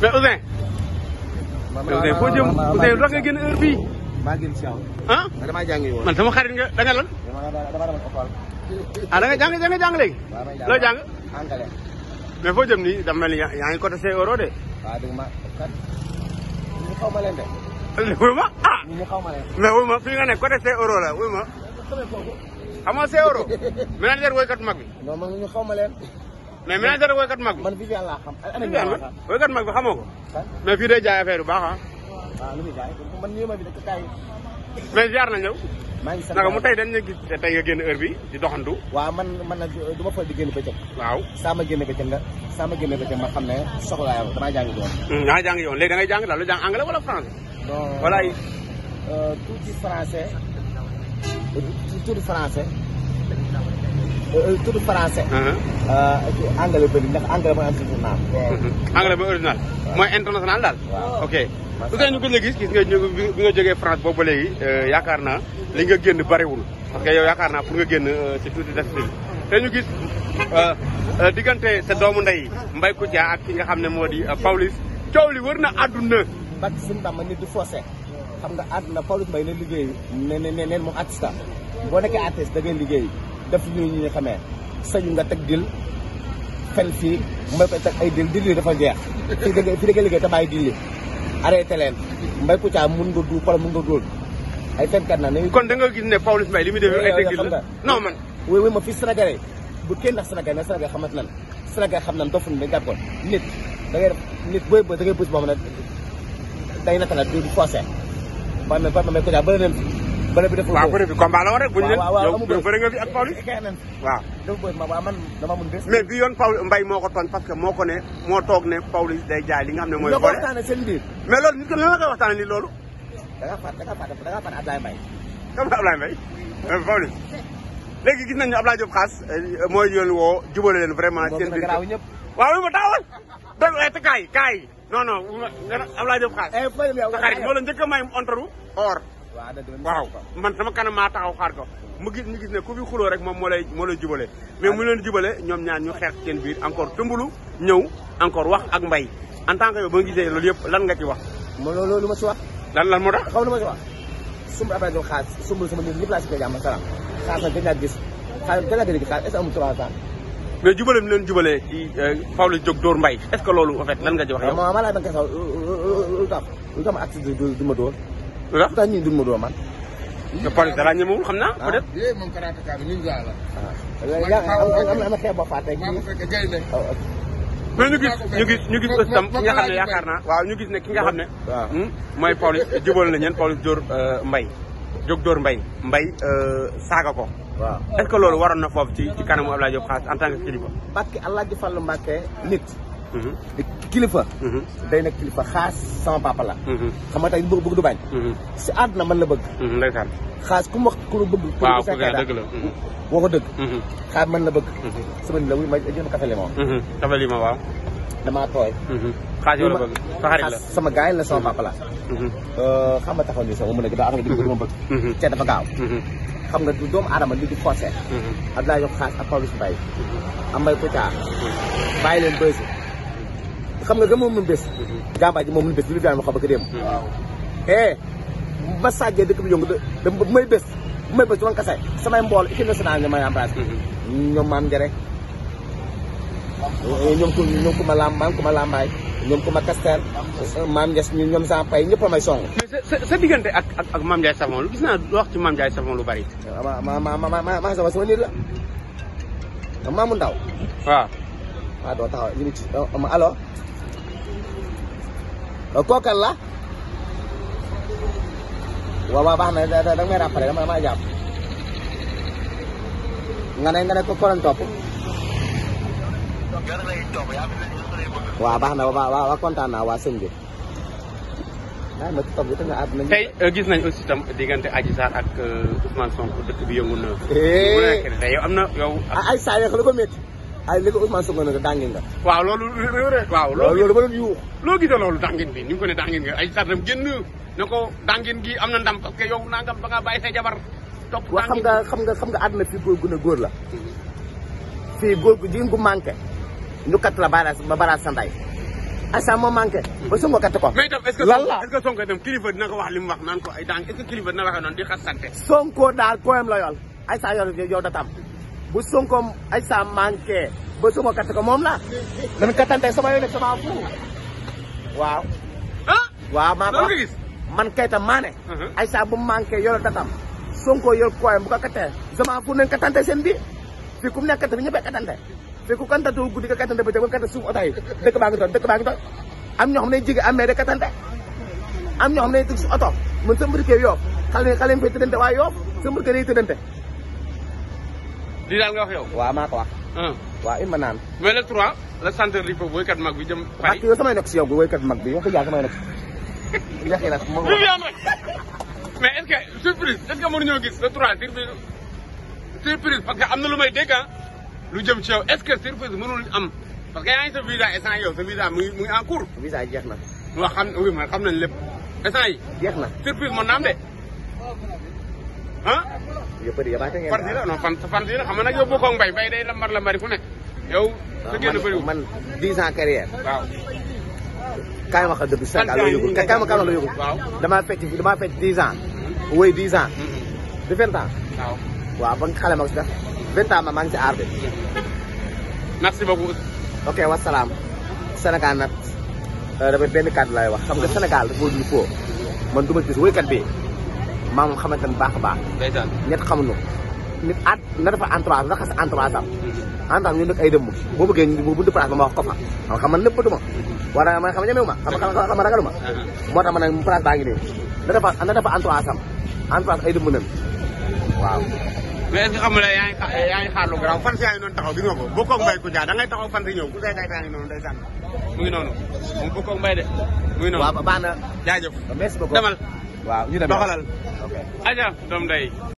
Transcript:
mais Ouzin. Ouzin foo jëm Ouzin lu tax nga génn heure bii. maa nga da nga lan. ah da nga jàng da nga jàng jëm ni yaa ngi côté say euro de. xaw ma leen de. wuy ma ah. ñu xaw ma leen. nga ne côté say euro la wuy ma. xam nga say euro. manager woykat mag bi. non man ñu xaw mais ménage rek woykat mag bi. man a laa a ay année mag bi xamoo ko. mais fii day jaay affaire yu baax ah. jaay ma bi dëkk kaay. mais ziar nañ ñëw. maa ngi sant mu tey dañ a gis génn heure bi di doxantu. waaw man man nag euh, du ma fay di génn bëccëg. waaw saa ma génn bëccëg nga saa ma génn bëccëg ma xam ne soxlaa yow damaa jàng yoon. naa hmm, jàng yoon léegi da ngay jàng daal lu jàng anglais wala français. non voilà yi. Euh, tuuti français tuuti français. Euh, tudd français. Uh-huh. Euh, anglais bëri ndax anglais mooy uh-huh. original. anglais mooy international daal. ok lu tax ñu gën a gis gis nga bi nga jógee France boobu ba léegi euh, yaakaar naa li nga génn bariwul parce que yow yaakaar naa pour nga génn ci tuuti des bi te ñu gis diggante sa doomu ndey Mbaye Kouthia ki nga xam ne moo di Pawlish coow li wër na àdduna. bàcc suñu tàmm nit du fossé xam nga àdduna Pawlish Mbaye liggéey ne ne neen moom boo nekkee artiste da liggéey. def ñu ñu xamee sañu nga teg dil fen fii mbay ko teg ay dil dil dafa jeex fii da fii da nga te bàyyi dil yi arrêté mbay ku mun nga duul wala mun nga duul ay fenkat na ne kon da nga gis ne Pawlish Mbaye li muy def ay teg dil la non ma fii Sénégalais bu kenn ndax Sénégal ne Sénégal nan Sénégal xam nan dofuñ dañ jàppoon nit da ngay def nit booy bë da ngay bës moom na day nattala du forcé ba ma ba ma ko caa bëri bëre bi deful waaw bëre bi combat la woon rek. buñ leen yow bëre nga fi ak Pawlish. Eh, waaw dafa bi yoon Pawlish moo ko ton parce que moo ko ne moo toog ne Pawlish day jaay li nga xam ne mooy. boole mais loolu nit ko lan la koy waxtaanee nii loolu. da ngaa fàtte da ngaa fàtte da ngaa fàtte Ablaye Mbaye. xam euh, léegi gis nañu Ablaye Diop Khass euh, mooy yoon woo jubale leen vraiment. seen biir waaw waaw ma taawal. donc ay eh, kaay kaay non non Ablaye Diop Khass. Eh, moo la njëkk a may ontaru or waaw man sama kanam maa taxaw xaar ko mu gis ñu gis ne ku fi xuloo rek moom moo lay moo lay jubale mais mu leen jubale ñoom ñaar ñu xeex seen biir encore tëmbulu ñëw encore wax ak mbay en tant que ba nga gisee yëpp lan nga ci wax ma loolu ma ci wax lan lan moo xaw lu ma ci wax sumb après do xaas sumb sama nit ñëpp laa si koy jàmm salaam xaas nag gën a gis leen jubale ci euh, Pawlish jóg dóor mbay est loolu en fait lan nga ci wax yow ma laa ban kay sax lu ma acte du ma dóor lu tax ñuy duma ma man. te Pawlish xam naa. peut-être ah. ah. na xeex ba fàtte oh, ñu gis ñu gis ñu gis ki nga xam ne yaakaar naa waaw ñu gis ne ki nga xam ne. Hmm, mooy Pawlish jubal na ñeen Pawlish Dior euh, mbay jóg Dior mbay mbay euh, saaga ko. waaw est-ce loolu waroon na foofu ci ci kanamu Abdoulaye Diop Khass en tant que kilifa. parce que El Hadj Fallou Mbacké nit. kilifa. Mhm. day nag kilifa xaas sama papa la. Mhm. xam nga tey bëgg bëgg du bañ. Mhm. si na man la bëgg. ndeysaan xaas ku mu wax ku bëgg. waaw ku nga dëgg la woo ko dëgg. xaas man la bëgg. semaine la wuy ma jënd café limon. café limon waaw. damaa tooy. xaas yow bëgg sa xarit la sama gaay la sama papa la. Euh, xam nga taxaw nii sax mu nekk daa am nga dugg ma bëgg. te dafa gaaw. xam nga doomu aadama li di forcé. Abdoulaye Diop xaas ak Pawlish Mbaye. am mbay Kouta. bàyyi leen bëri xam nga gëm moom mën bés jàmbaar ji moom mën bés li daan ma xam ak dem eh ba sàjjee dëkk bi yëngu da bu may bés bu may bés du ma kase samay mbool équipe nationale ñoom may embrase mm-hmm. ñoom maam njare eh, ñoom ko ñoom ko ma lam maam ko ma lambaay ñoom ko ma kastel maam Ndiaye ñu ñoom sa pay ñëpp a may song sa diggante ak ak ak maam Ndiaye Savon lu gis naa wax ci maam Ndiaye Savon lu bari ah, ma ma ma sama sama nit la maamu ndaw waaw waaw ah, doo taxaw ñu ngi ci ah, allo kookal la waaw waaw baax na da da may rappelé dama dama nga ne ko ko doon topp. waaw baax na waaw waaw kontaan naa waa sëñ bi. tey gis nañ aussi tam diggante Adji Sarr ak Ousmane Sonko dëkk bi yëngu na. am na yow. ay saa yoo ko métti. ay li ko Ousmane Sonko nga dàngin nga waaw loolu waaw loolu dama yuux loo loolu dàngin ni mu ko ne dàngin nga ay sartam génn na ko dàngin gi am na ndam parce que yow nangam ba nga bàyyi say jabar topp waaw xam nga xam nga xam nga àdduna fii góor gu góor la fii góor gu jigéen gu manqué ñu kat la baras ba baras sa ndey asa moo manqué ba Sonko kat ko mais itam est-ce kilifa dina ko wax wax naan ko ay dàng est-ce que kilifa dina waxee noonu di xas sante Sonko daal poème la ay saa yool yow da bu Sonko ay sa manqué ba suma kat ko moom la man katante sama yoon sama fu waaw. ah waaw maa ko man kay tam maa ne. ay sa bu manqué yoro datam Sonko yor kooyam bu ko katee sama fu nañ katante seen bi fii ku mu nekk katante ñëpp a katante fii ku katante guddi ka katante ba ca katante suuf oto yi dëkk baa ngi doon dëkk baa am ñoo xam ne jigéen amee de katante am ñoo xam ne tëgg si oto mu sa mbir kee yoo xale xale yi fay tëddante waaye yoo sa mbir kee day tëddante lii daal nga wax yow. waaw maa ko wax. waaw il ma naan. mais le 3 la centre di foofu woykat mag bi jëm. fay ak yow samay nekk si yow bi woykat mag bi wax dëgg yàlla samay nekk si. yàq yi nag moom mais est-ce que surprise est-ce que mënuñoo gis le 3 surprise surprise parce que am na lu may dégg ah, lu jëm ci yow est-ce que surprise mënul am parce que yaa ngi sa visa instant yow sa visa mu ngi mu ngi en cours. visa jeex na. waa xam oui man xam nañ lépp instant yi jeex na surprise mën naa am de ah. yëppati yabaate ngeen. fan si la a fan fan si la xam nga lambar lambari ku ne. yow sa génn bëriwul man man 10 ans carrière. waaw. kaay ma xam dëgg sax la yëgul kaay ma kaay ma la damaa fecc damaa ans. woy 10 ans. Mm-hmm. di 20 ans. waaw ba xale ma ko sax ans ma maa ngi ci aar bi. Mm-hmm. merci beaucoup. ok wasalaam. Sénégal nag euh, dama benn kàddu laay wax xam nga mm-hmm. Sénégal dafa wóor man du ma gis woykat bi. maa moom xamante ne baax a baax. ndeysaan ñett xamuñu nit at na dafa entourage na xas entourage am. entourage ñu nekk ay dëmm boo bëggee bu buntu place ma wax ko fa xam nga man lépp du ma. wala man xam nga ñemewu ma xam nga xam nga ragalu ma. Uh-huh. moo tax ma ne place baa ngi ay dëmm nañ waaw. mais est-ce que xam nga yaa ngi da ngay taxaw de. mu noonu waaw baax na jaajëf merci beaucoup demal waaw ñu dem doxalal ok. aja doom day